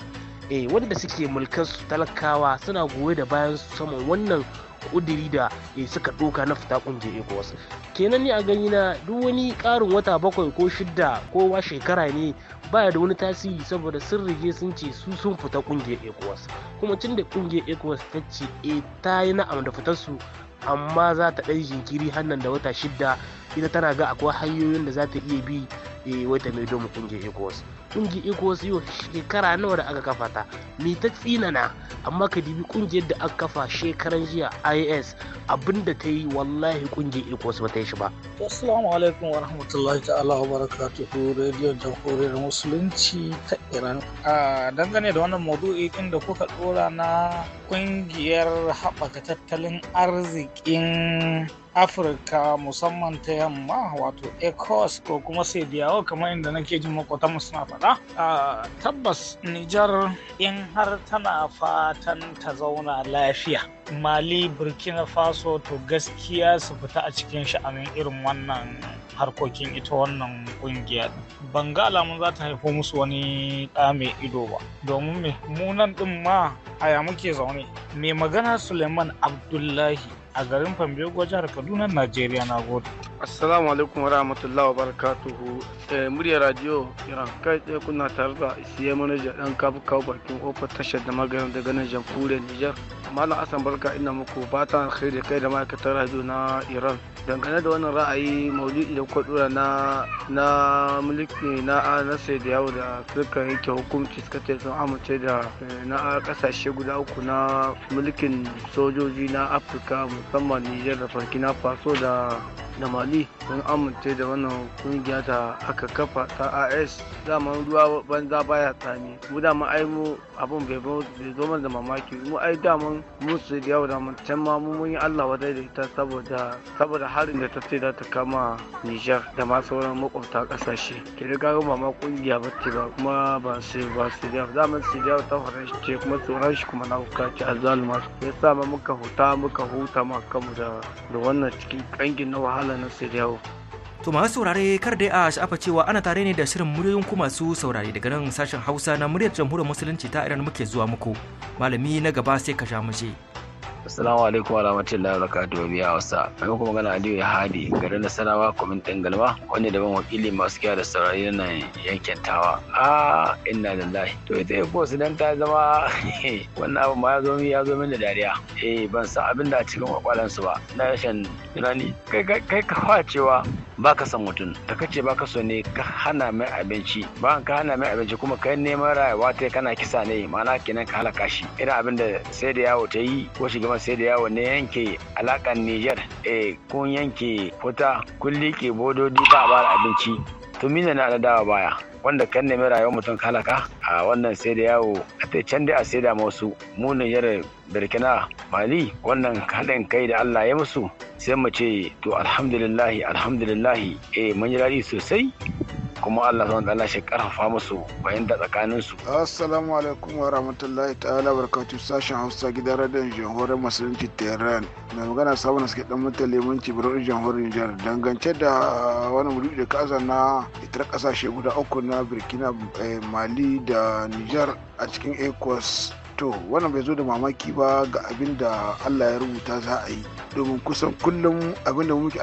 eh wanda suke mulkar su talakawa suna goye da bayan su saman wannan ƙudiri da eh, suka doka na fita ƙungiyar ecowas kenan ni a gani na duk wani karin wata bakwai ko shidda kowa shekara ne baya da wani tasiri saboda sun rige sun ce su sun fita ƙungiyar ecowas kuma tun da ƙungiyar ecowas ta ce e ta yi na'am da fitar su amma za ta ɗan jinkiri hannan da wata shida ita tana ga akwai hanyoyin da za ta iya bi e eh, wata mai domin kungiyar ecos kungiyar ecos yau shekara nawa da aka kafa ta mi ta tsinana amma ka dibi kungiyar da aka kafa shekaran jiya is abinda ta yi wallahi kungiyar ecos ba ta yi shi ba assalamu alaikum wa rahmatullahi ta'ala wa barakatuhu radio jamhuriyar musulunci ta iran a dangane da wannan maudu'i din da kuka dora na kungiyar haɓaka tattalin arzikin afirka musamman ta yamma wato ecos ko kuma sediyawa kamar inda nake jin makwatan suna faɗa a tabbas nijar in har tana fatan ta zauna lafiya mali burkina faso to gaskiya su fita a cikin sha'anin irin wannan harkokin ita wannan kungiya ban ga alamun za ta haifo musu wani ɗa mai ido ba domin me munan ɗin ma a ya muke zaune mai magana suleiman abdullahi a garin Fambego jihar Kaduna Najeriya na gode. Assalamu alaikum wa rahmatullahi wa barakatuhu. Eh, muryar radio Iran kai tsaye kuna tare da siya manaja dan kabu kawo bakin ofar tashar da maganin daga nan jamhuriyar Nijar. Malam Hassan Barka ina muku fatan alkhairi kai da ma'aikatar radio na Iran. Dangane da wannan ra'ayi maulidi da kwadura na na mulki na na sai da yawo da suka yanke hukunci suka ce sun amince da eh, na kasashe guda uku na mulkin sojoji na Afirka mu musamman Nijar da Burkina Faso da da mali sun amince da wannan kungiya ta aka kafa ta as zaman ruwa banza baya tsami mu dama ai mu abun bai zo da mamaki mu ai daman mu su da yau daman can ma mu mun yi allah wadai da ita saboda saboda harin da ta ce za ta kama nijar da ma sauran makwabta kasashe ke da kaga mama kungiya ba ce ba kuma ba su ba su da daman su da ta fara shi ce kuma tsoron shi kuma na kuka ce a zalima ya sa ma muka huta muka huta ma kanmu da wannan cikin kangin na wahala Allah yawo. To masu saurare kar dai a sha'afa cewa ana tare ne da shirin muryoyin ku masu saurare daga nan sashen Hausa na muryar Jamhuriyar Musulunci ta Iran muke zuwa muku. Malami na gaba sai ka sha muje. Assalamu alaikum warahmatullahi wabarakatuh biya wasa. Mai muku magana Aliyu ya hadi garin Nasarawa kwamin Dangalma wanda daban wakili masu kiyaye da saurari na yankin Tawa. A inna lillahi. To ita ko su dan ta zama [LAUGHS] wannan abu ma ya zo min ya zo min da dariya. Eh ban san abin da a cikin kwakwalan su ba. Na rashin tunani kai kai ka fa cewa baka san mutum da kace baka so ne ka hana mai abinci ba ka hana mai abinci kuma kai neman rayuwa ta kana kisa ne ma'ana kenan ka halaka shi irin abin da sai da yawo ta yi ko shiga kuma sai da yawo ne yanke alakan nijar e eh, kun yanke huta kun liƙe bododi ba ba abinci to mina na da dawa baya wanda kan nemi rayuwar mutum halaka a wannan sai da yawo a taicen dai a sai da wasu mu Niger Birkina mali wannan haɗin kai da allah ya musu sai mu ce to alhamdulillahi alhamdulillahi eh mun yi daɗi sosai kuma Allah zan Allah shi karfafa musu bayan da tsakanin su. Assalamu alaikum wa rahmatullahi ta'ala barkatu sashen Hausa gidan radiyon jamhuriyar musulunci Tehran. Mai magana sabon suke dan mutan lemon cibirar jamhuriyar Nijar dangance da wani mudu da kasa na itar kasashe guda uku na birkina eh, Mali da Nijar a cikin ECOWAS to wannan bai zo da mamaki ba ga abin da allah ya rubuta za a yi domin kusan kullum abin da muke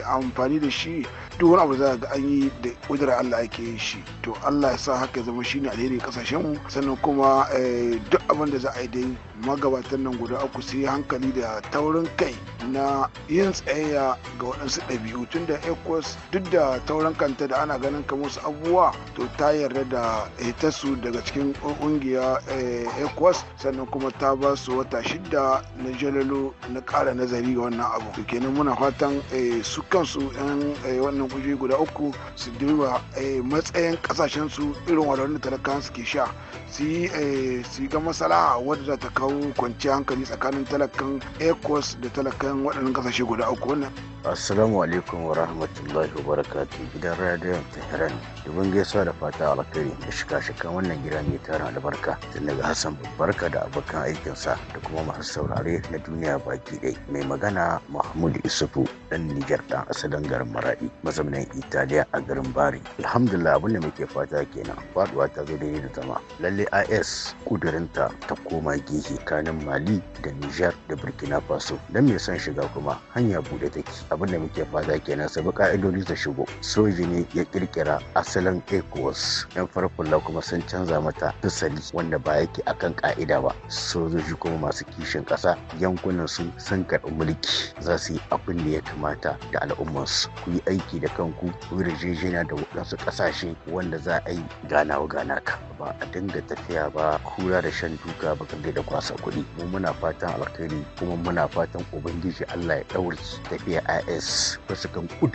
eh, amfani da shi duk wani abu za ga an yi da ƙudurar allah ake yin shi to allah ya sa haka zama shi ne shine alheri mu sannan kuma eh, duk abin da za a yi dai magabatan nan guda uku su yi hankali da taurin kai na yin tsayayya ga waɗansu ɗabi'u tun da ecos duk da taurin kanta da ana ganin kamar su abubuwa to ta yarda da ita su daga cikin ƙungiya eh, ecos sannan kuma ta ba su wata shida na jalalo na ƙara nazari ga wannan abu to kenan muna fatan eh, su kansu 'yan eh, wannan ƙungiyoyi guda uku su duba matsayin ƙasashen su irin talakawa su ke sha su yi ga masala wadda ta kawo kawo kwanci hankali tsakanin talakan ecos da talakan waɗannan kasashe guda uku wannan assalamu alaikum wa rahmatullahi wa barakatu gidan radiyon tehran dubin gaisuwa da fata alkhairi da shika-shikan wannan gida mai tara albarka tun daga hassan barka da abokan aikinsa da kuma masu saurare na duniya baki ɗaya mai magana mahmud isufu dan niger dan asalin garin maradi mazaunin italiya a garin bari alhamdulillah abun da muke fata kenan faɗuwa ta zo yi da zama lalle is kudurinta ta koma gihi tsakanin mali da nijar da burkina faso don mai son shiga kuma hanya bude take abin da muke fata kenan sabu ka'idodi ta shigo soji ne ya kirkira asalin ecowas yan farfulla kuma sun canza mata fisali wanda ba yake akan ka'ida ba sojoji kuma masu kishin ƙasa yankunan su sun karɓi mulki za su yi abin da ya kamata da su ku yi aiki da kanku ku yi da waɗansu ƙasashe wanda za a yi ganawa ka. ba a dinga tafiya ba kura da shan duka ba da kwasa masa kuɗi mu muna fatan alkhairi kuma muna fatan ubangiji allah ya ɗaure ais is su kan su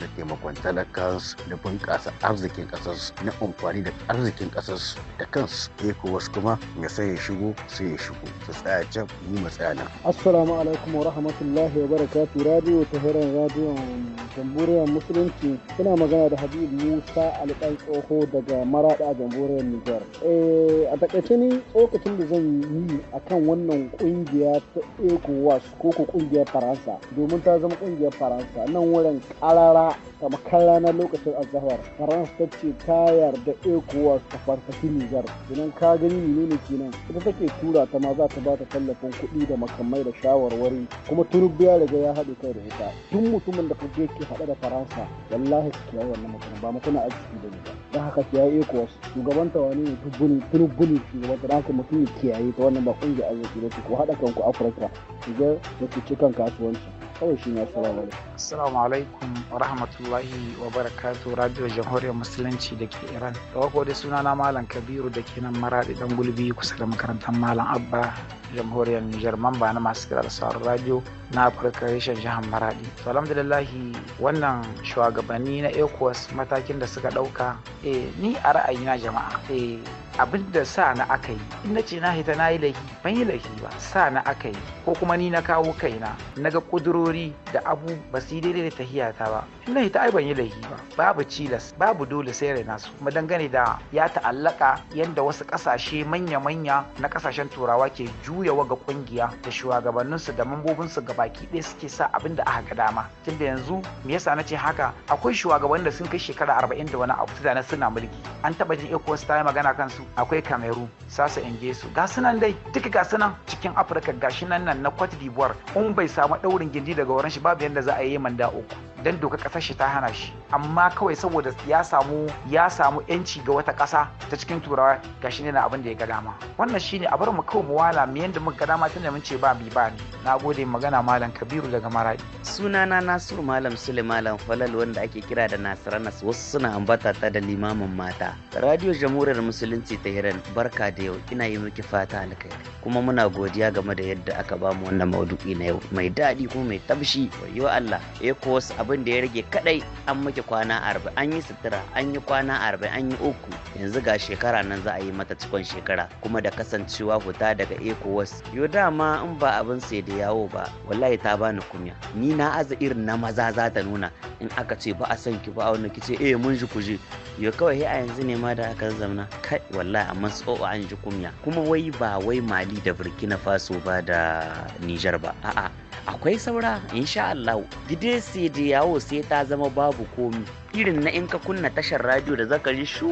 da taimakon talakansu da bunƙasa arzikin su na amfani da arzikin su da kansu wasu kuma ya sai ya shigo sai ya shigo su tsaya can mu mu tsaya nan assalamu alaikum wa rahmatullahi wa barakatuh radio ta radio radiyon jamhuriyar musulunci suna magana da habib musa alƙan tsoho daga maraɗa a jamhuriyar nijar eh, a takaice ni tsokacin da zan yi a kan wannan ƙungiya ta ecowas ko ku ƙungiyar faransa domin ta zama ƙungiyar faransa nan wurin ƙarara ta makara na lokacin azahar faransa ta ce ta yarda ecowas ta farfaki nijar idan ka gani menene kenan ita take tura ta ma za ta ba ta tallafin kuɗi da makamai da shawarwari kuma turubiya daga ya haɗe kai da ita tun mutumin da je ake haɗe da faransa wallahi su kiyaye wannan mutum ba mutum arziki da ba don haka kiyaye wasu shugaban ta wani ne tubuni tunubuni shugaban ta haka mutum ya kiyaye ta wannan ba kungiyar arziki da ko haɗa kanku afirka shiga da su ci kasuwanci kawai shi na salamu alaikum assalamu alaikum wa rahmatullahi wa barakatu radio jamhuriyar musulunci da ke iran da wako da suna na malam kabiru da ke nan maraɗi dan gulbi kusa da makarantar malam abba jamhuriyar nijar mamba na masu kira da sauran radio na afirka reshen jihar maraɗi. to alhamdulillahi wannan shugabanni na ecowas matakin da suka ɗauka eh ni a ra'ayi na jama'a eh abin da sa na aka yi in na ce na hita na yi laifi ban yi laifi ba sa na aka yi ko kuma ni na kawo kaina na ga kudurori da abu ba su yi daidai da tahiyata ba in na hita ai ban yi laifi ba babu cilas babu dole sai raina nasu. kuma dangane da ya ta'allaka yadda wasu kasashe manya-manya na kasashen turawa ke juyawa ga kungiya da shugabanninsu da mambobinsu baki ɗaya suke sa abin da aka ga dama tunda yanzu me yasa na ce haka akwai shugabannin da sun kai shekara arba'in da wani abu na suna mulki an taba jin ecowas ta yi magana kansu su akwai cameroon sasa su ga sunan dai duka ga sunan cikin afirka gashi nan nan na cote d'ivoire in bai samu daurin gindi daga wurin shi babu yadda za a yi manda uku dan doka kasar shi ta hana shi amma kawai saboda ya samu ya samu yanci ga wata ƙasa ta cikin turawa shi ne na abin da ya ga dama wannan shine a bar mu kawai mu wala mu yanda muka ga dama tunda mun ce ba bi ba Na gode magana malam kabiru daga maradi sunana nasiru malam sule malam falal wanda ake kira da nasiranas wasu suna ambata ta da limamin mata radio jamhuriyar musulunci ta hiran barka da yau ina yi miki fata alkai kuma muna godiya game da yadda aka ba mu. wannan maudu'i na yau mai daɗi kuma mai tabshi wayo Allah eh ko wasu abin da ya rage kadai an miki ci kwana arba an yi sutura an yi kwana arba'in an yi uku yanzu ga shekara nan za a yi mata cikon shekara kuma da kasancewa fita daga ecowas yo dama in ba abin sai da yawo ba wallahi ta bani kunya ni na aza irin na maza za ta nuna in aka ce ba a son ki ba a wani kice eh mun ji kuje yo kawai he a yanzu ne ma da aka zamna kai wallahi amma tsoko an ji kunya kuma wai ba wai mali da burkina faso ba da nijar ba a'a akwai saura insha Allah gide sai da yawo sai ta zama babu komi irin na in ka kunna tashar radio da zaka ji shu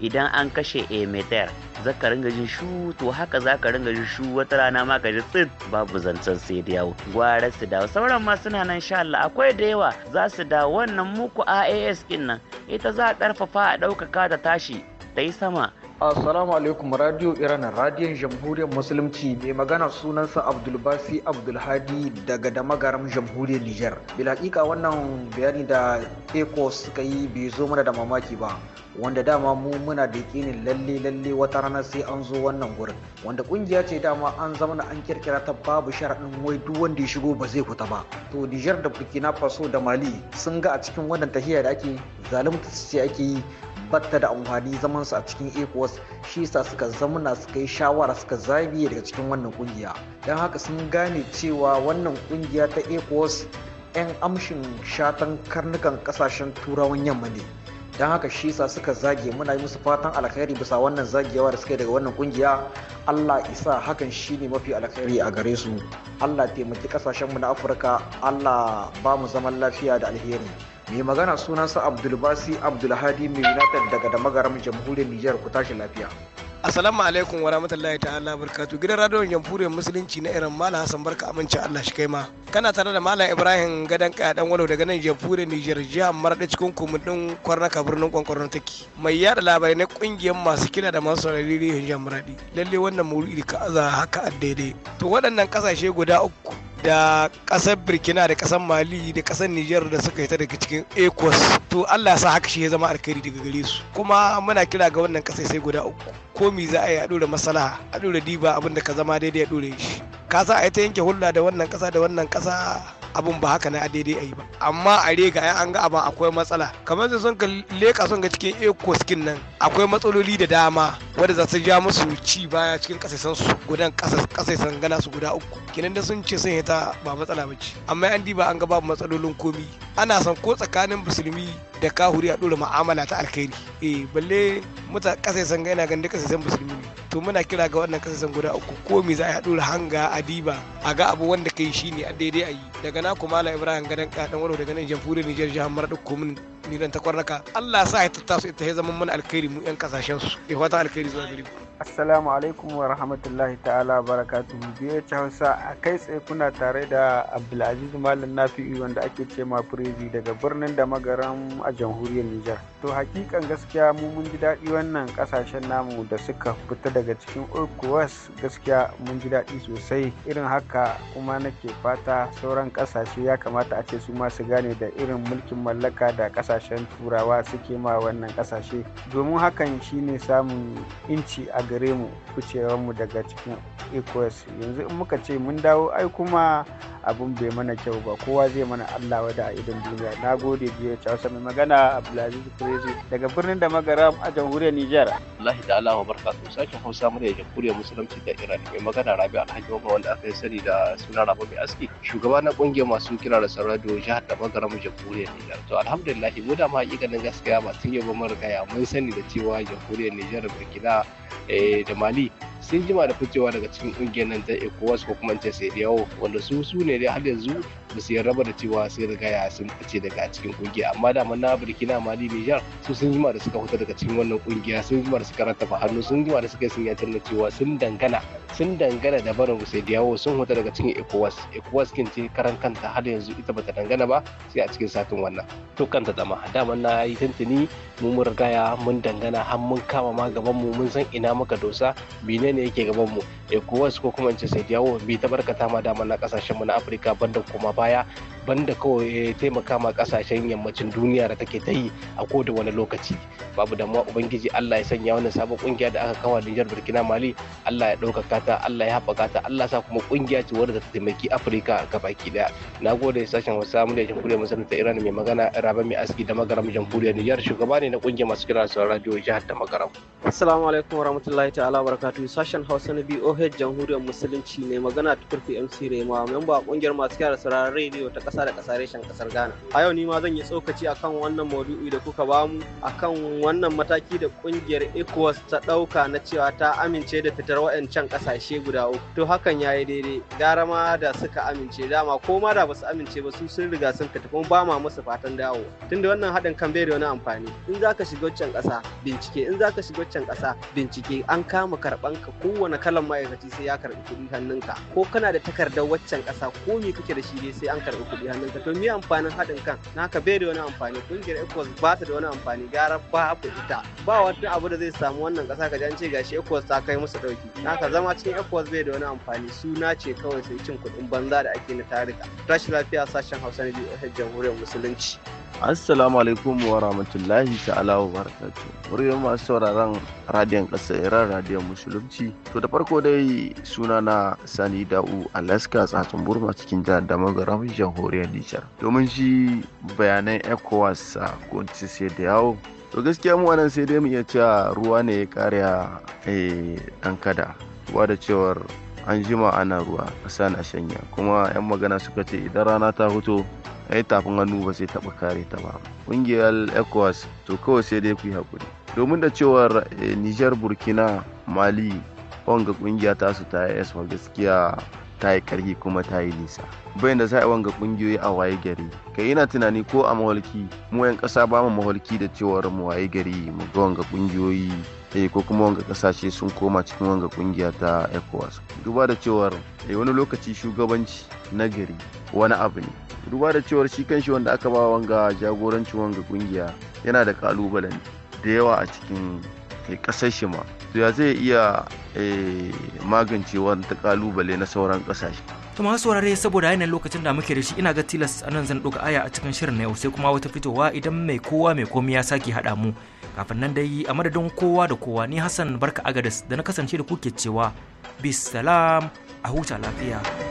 idan an kashe emeter zaka ringa jin shu to haka zaka ringa jin shu wata rana ma ka ji tsit babu zancen sai da yawo gwara su dawo sauran ma suna nan insha Allah akwai da yawa za su dawo wannan muku AAS din nan ita za a karfafa a ɗaukaka ta tashi ta yi sama Assalamu alaikum Radio Iran Radiyon Jamhuriyar Musulunci mai magana sunansa Abdulbasi Abdulhadi daga damagaram Jamhuriyar Nijar. Bilakika wannan bayani da Eko suka yi bai zo mana da mamaki ba. Wanda dama mu muna da yakinin lalle lalle wata rana sai an zo wannan gurin. Wanda ƙungiya ce dama an zama na an kirkira ta babu sharaɗin wai duk wanda ya shigo ba zai fita ba. To Nijar da Burkina Faso da Mali sun ga a cikin wannan tahiya da ake zalimta ce ake yi batta da amfani zaman su a cikin Ecos shi sa suka zamana suka yi shawara suka zabiye daga cikin wannan kungiya don haka sun gane cewa wannan kungiya ta Ecos, 'yan amshin shatan karnukan kasashen turawan yamma ne don haka shi sa suka zage muna yi musu fatan alkhairi bisa wannan zagewa da suka yi daga wannan kungiya allah isa hakan shi ne mafi alkhairi a gare su allah taimaki kasashenmu na afirka allah ba mu zaman lafiya da alheri mai magana sunansa abdulbasi abdulhadi mai united daga magaram jamhuriyar nijar ku tashi lafiya Assalamu alaikum wa rahmatullahi ta'ala barkatu gidan radiyon jamhuriyar musulunci na irin Malam Hassan barka amince Allah shi kai ma kana tare da Malam Ibrahim gadan kaya dan walo daga nan jamhuriyar Nijar jihar Maradi cikin kumudin kwarnaka birnin kwankwaron take mai yada labarai na kungiyar masu kira da masu saurari jihar Maradi lalle wannan maulidi ka aza haka daidai to waɗannan kasashe guda uku da kasar burkina da kasar mali da kasar niger da suka yi ta daga cikin ecos to allah sa haka shi ya zama alkhairi daga gare su kuma muna kira ga wannan kasai sai guda uku ko komi za a yi a ɗora masala a ɗora diba abin da ka zama daidai a ɗora shi ka sa a yi ta yanke hulɗa da wannan kasa da wannan kasa abun ba haka na a daidai a yi ba amma a rega ya an ga abin akwai matsala kamar sun ka leka sun ga cikin skin nan akwai matsaloli da dama wadda za su ja musu ci baya cikin kasaisan su gudan kasaisan gana su guda uku kinan da sun ce sun yi ta ba matsala ba ce amma an diba an ga babu matsalolin komi ana son ko tsakanin musulmi da kahuri a dora ma'amala ta alkhairi eh balle muta kasaisan ga yana ganin da kasaisan musulmi ne to muna kira ga wannan kasaisan guda uku komi za a dora hanga diba a ga abu wanda kai ne a daidai a yi daga daga naku malam ibrahim gadan kadan wani daga nan jamhuriyar nijar jihar mara duk komin niran takwarnaka allah sa ya tattaso ita ya zama mana alkhairi mu yan kasashen su ya fata alkhairi zuwa gari Assalamu alaikum wa rahmatullahi ta'ala barakatuhu biyar Hausa a kai tsaye kuna tare da Abdulaziz Malam Nafi'i wanda ake ce ma Prezi daga birnin da magaran a jamhuriyar Nijar. To hakikan gaskiya mu mun ji daɗi wannan ƙasashen namu da suka fita daga cikin ECOWAS gaskiya mun ji daɗi sosai irin haka kuma nake fata sauran ƙasashe ya kamata a ce su ma su gane da irin mulkin mallaka da ƙasashen turawa suke ma wannan ƙasashe domin hakan shine samun inci a gare mu ficewarmu daga cikin ecowas yanzu in muka ce mun dawo ai kuma abun bai mana kyau ba kowa zai mana Allah wada a idan duniya na gode biyu ta wasa mai magana Abdulaziz Crazy daga birnin da magara a jamhuriyar Nijar Allah da Allah wa barka to sashen Hausa da jamhuriyar musulunci da Iran mai magana Rabi Alhaji Umar wanda aka sani da suna Rabi mai aski shugaba na kungiyar masu kira da sarado jihar da mu jamhuriyar Nijar to alhamdulillah mu da ma hakikanin gaskiya ba tun yau ba mun riga mun sani da cewa jamhuriyar Nijar Burkina eh, da Mali sun jima da ficewa daga cikin kungiyar nan ta ECOWAS ko kuma da yawo wanda su su ne sai har yanzu ba su yarda da cewa sai riga ya sun fice daga cikin kungiya amma da na burkina mali niger su sun jima da suka fita daga cikin wannan kungiya sun jima da suka rattafa hannu sun jima da suka yi sun yatar da cewa sun dangana sun dangana da barin sai diyawo sun fita daga cikin ecowas ecowas kin ce karan kanta har yanzu ita bata dangana ba sai a cikin satin wannan to kanta dama dama na yi tuntuni mu mun rigaya mun dangana har mun kama ma gaban mu mun san ina muka dosa bine ne yake gaban mu ecowas ko kuma in ce sai diyawo bi ta barkata ma dama na kasashen mu na Afrika bentuk Kumabaya banda kawai taimaka ma kasashen yammacin duniya da take ta yi a koda wani lokaci babu da ma ubangiji Allah ya sanya wannan sabon kungiya da aka kawo Nijar Burkina Mali Allah ya daukaka ta Allah ya haɓaka ta Allah sa kuma kungiya ce wadda ta taimaki Afirka gabaki daya nagode sashen Hausa mu da jamhuriyar masarauta Iran mai magana Rabe mai aski da magaram jamhuriyar Nijar shugaba ne na kungiyar masu kira sauraron radio jihar da magaram Assalamu alaikum warahmatullahi ta'ala barakatuh sashen Hausa na BOH jamhuriyar musulunci ne magana tukurfi MC Rema memba kungiyar masu kira sauraron radio ta kasa ƙasa da ƙasa reshen ƙasar Ghana. A yau ni ma zan yi tsokaci akan wannan maudu'i da kuka bamu akan wannan mataki da ƙungiyar ECOWAS ta ɗauka na cewa ta amince da fitar wa'ancan ƙasashe guda uku. To hakan ya yi daidai gara ma da suka amince dama ko ma da basu amince ba su sun riga sun fita kuma ba ma musu fatan dawo. Tunda wannan haɗin kan bai da wani amfani. In za ka shiga waccan ƙasa bincike in za ka shiga waccan ƙasa bincike an kama karɓan ka kowane kalan ma'aikaci sai ya karɓi kuɗi hannunka ko kana da takardar waccan ƙasa ko me kake da shi dai sai an karɓi kuɗi jami'an to me amfanin haɗin kan na ka bai da wani amfani kungiyar Ecos ba ta da wani amfani gara ba ku ita ba wani abu da zai samu wannan ƙasa ka jance gashi Ecos ta kai musu ɗauki na ka zama cikin Ecos bai da wani amfani suna ce kawai sai cin kuɗin banza da ake na tarika rashin lafiya sashen Hausa na biyu jamhuriyar musulunci. Assalamu alaikum wa rahmatullahi ta'ala wa barakatu. Muryar masu sauraron radiyon ƙasar Iran radiyon Musulunci. To da farko dai suna na Sani Da'u Alaska tsatsun Burma cikin jihar Damagaram jamhuriyar jamhuriyar nijar domin shi bayanan ecowas a sai da yawo to gaskiya mu anan sai dai mu iya cewa ruwa ne ya kare a dan eh, kada ba da cewar an jima ana ruwa ƙasa na shanya kuma 'yan magana suka ce idan rana ta fito ai tafin hannu ba sai taɓa kare ta ba ƙungiyar ecowas to kawai sai dai ku yi haƙuri domin da cewar eh, nijar burkina mali wanga ƙungiya tasu ta yi gaskiya ta yi karhi kuma ta yi nisa bayan da za a wanga kungiyoyi a waye gari kai ina tunani ko a mawalki mu yan kasa ba mu mawalki da cewar mu waye gari mu ga wanga kungiyoyi eh ko kuma wanga kasashe sun koma cikin wanga kungiya ta ECOWAS duba da cewar eh wani lokaci shugabanci na gari wani abu ne duba da cewar shi kanshi wanda aka ba wanga jagorancin wanga kungiya yana da kalubalen da yawa a cikin kasar shi ma ya zai iya eh, magance wata kalubale na sauran kasashe to masu saurare saboda yanayin lokacin da muke da shi ina ga tilas a nan zan ɗauka aya a cikin shirin na yau sai kuma wata fitowa idan mai kowa mai komi ya sake haɗa mu kafin nan dai a madadin kowa da kowa ni hassan barka agadas da na kasance da kuke cewa bisalam a huta lafiya